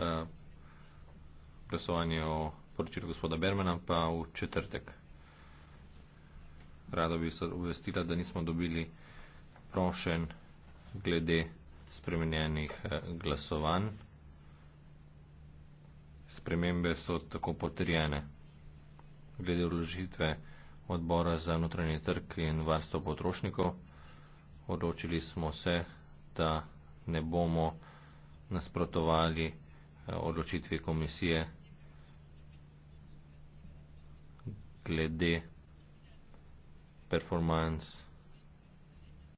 Eh, glasovanje o poročilu gospoda Bermana, pa v četrtek. Rado bi se obvestila, da nismo dobili prošen glede spremenjenih eh, glasovanj. Spremembe so tako potrjene. Glede odložitve odbora za notranje trg in varstvo potrošnikov, odločili smo se, da ne bomo nasprotovali Eh, odločitvi komisije glede performance